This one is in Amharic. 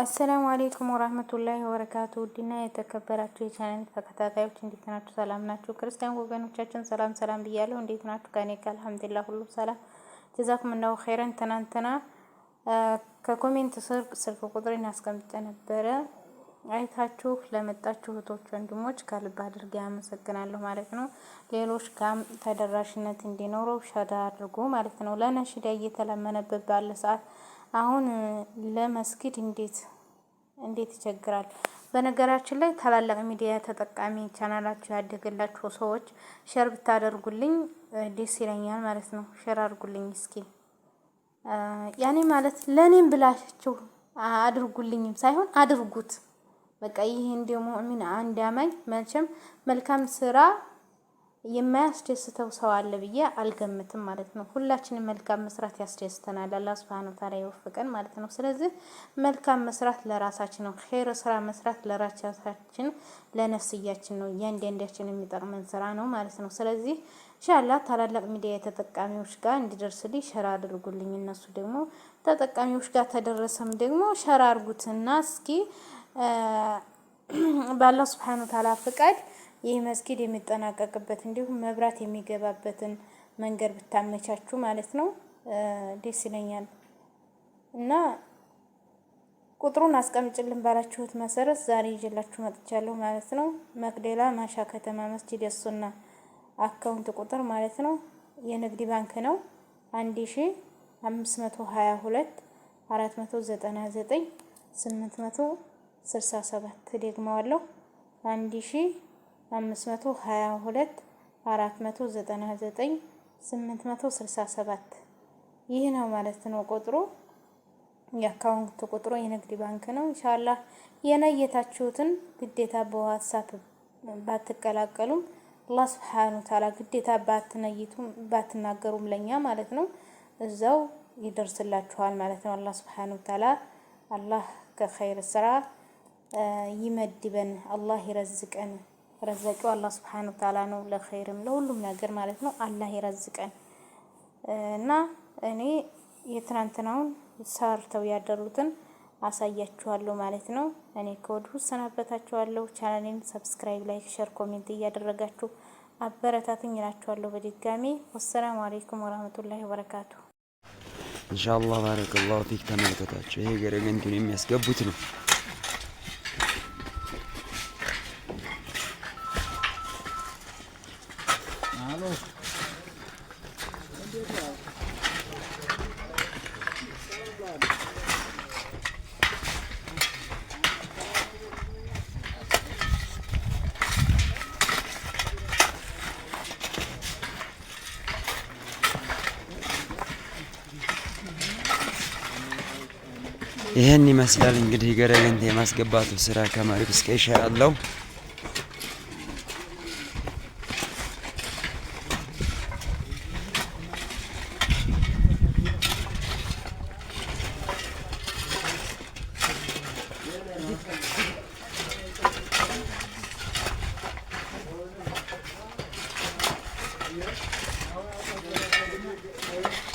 አሰላሙ አሌይኩም ወራህመቱላሂ ወበረካቱ። ውድና የተከበራችሁ የቻናል ተከታታዮች እንዴት ናችሁ? ሰላም ናችሁ? ክርስቲያን ወገኖቻችን ሰላም ሰላም ብያለሁ። እንዴት ናችሁ? ከኔ ጋር አልሐምዱሊላህ ሁሉ ሰላም ጀዛኩሙላሁ ኸይረን። ትናንትና ከኮሜንት ስር ስልክ ቁጥሬን አስቀምጬ ነበረ። አይታችሁ ለመጣችሁ እህቶች ወንድሞች ከልብ አድርጌ አመሰግናለሁ ማለት ነው። ሌሎች ጋም ተደራሽነት እንዲኖረው ሸዳ አድርጎ ማለት ነው። ለነሽዳ እየተለመነበት ባለ ሰዓት አሁን ለመስጊድ እንዴት እንዴት ይቸግራል? በነገራችን ላይ ታላላቅ ሚዲያ ተጠቃሚ ቻናላችሁ ያደገላችሁ ሰዎች ሸር ብታደርጉልኝ ደስ ይለኛል ማለት ነው። ሸር አድርጉልኝ እስኪ ያኔ ማለት ለእኔም ብላችሁ አድርጉልኝም ሳይሆን አድርጉት። በቃ ይሄን ደግሞ ምን አንድ አማኝ መቼም መልካም ስራ የማያስደስተው ሰው አለ ብዬ አልገምትም ማለት ነው። ሁላችንም መልካም መስራት ያስደስተናል። አላህ ሱብሃነ ወተዓላ ይወፍቀን ማለት ነው። ስለዚህ መልካም መስራት ለራሳችን ነው። ኸይር ስራ መስራት ለራሳችን ለነፍስያችን ነው። እያንዳንዳችን የሚጠቅመን ስራ ነው ማለት ነው። ስለዚህ ኢንሻአላህ ታላላቅ ሚዲያ ተጠቃሚዎች ጋር እንዲደርስልኝ ሸራ አድርጉልኝ። እነሱ ደግሞ ተጠቃሚዎች ጋር ተደረሰም ደግሞ ሸራ አድርጉትና እስኪ በአላህ ሱብሃነ ወተዓላ ፍቃድ ይህ መስጊድ የሚጠናቀቅበት እንዲሁም መብራት የሚገባበትን መንገድ ብታመቻችሁ ማለት ነው ደስ ይለኛል። እና ቁጥሩን አስቀምጭልን ባላችሁት መሰረት ዛሬ ይዤላችሁ መጥቻለሁ ማለት ነው። መቅደላ ማሻ ከተማ መስጂድ የሱና አካውንት ቁጥር ማለት ነው የንግድ ባንክ ነው 1522 499 867 ደግመዋለሁ 1000 አምስት መቶ ሀያ ሁለት አራት መቶ ዘጠና ዘጠኝ ስምንት መቶ ስልሳ ሰባት ይህ ነው ማለት ነው ቁጥሩ። የአካውንት ቁጥሩ የንግድ ባንክ ነው። ኢንሻላህ የነየታችሁትን ግዴታ በዋትሳፕ ባትቀላቀሉም አላህ ስብሓነሁ ተዓላ ግዴታ ባትነይቱም ባትናገሩም ለኛ ማለት ነው እዛው ይደርስላችኋል ማለት ነው። አላህ ስብሓነሁ ተዓላ አላህ ከኸይር ስራ ይመድበን፣ አላህ ይረዝቀን። ረዛቂው አላህ ስብሓን ታላ ነው። ለኸይርም ለሁሉም ነገር ማለት ነው አላህ ይረዝቀን እና እኔ የትናንትናውን ሰርተው ያደሩትን አሳያችኋለሁ ማለት ነው። እኔ ከወዲሁ ሰናበታችኋለሁ። ቻናሌን ሰብስክራይብ፣ ላይክ፣ ሸር፣ ኮሜንት እያደረጋችሁ አበረታትኝ እላችኋለሁ። በድጋሚ ወሰላሙ አሌይኩም ወራህመቱላሂ ወበረካቱ። ኢንሻአላህ ባረከላሁ ፊክ። ተመልከቷቸው ይሄ ገረገንቱን የሚያስገቡት ነው። ይህን ይመስላል እንግዲህ ገረገንቴ የማስገባቱ ስራ ከመሬት እስከ ይሻ ያለው Thank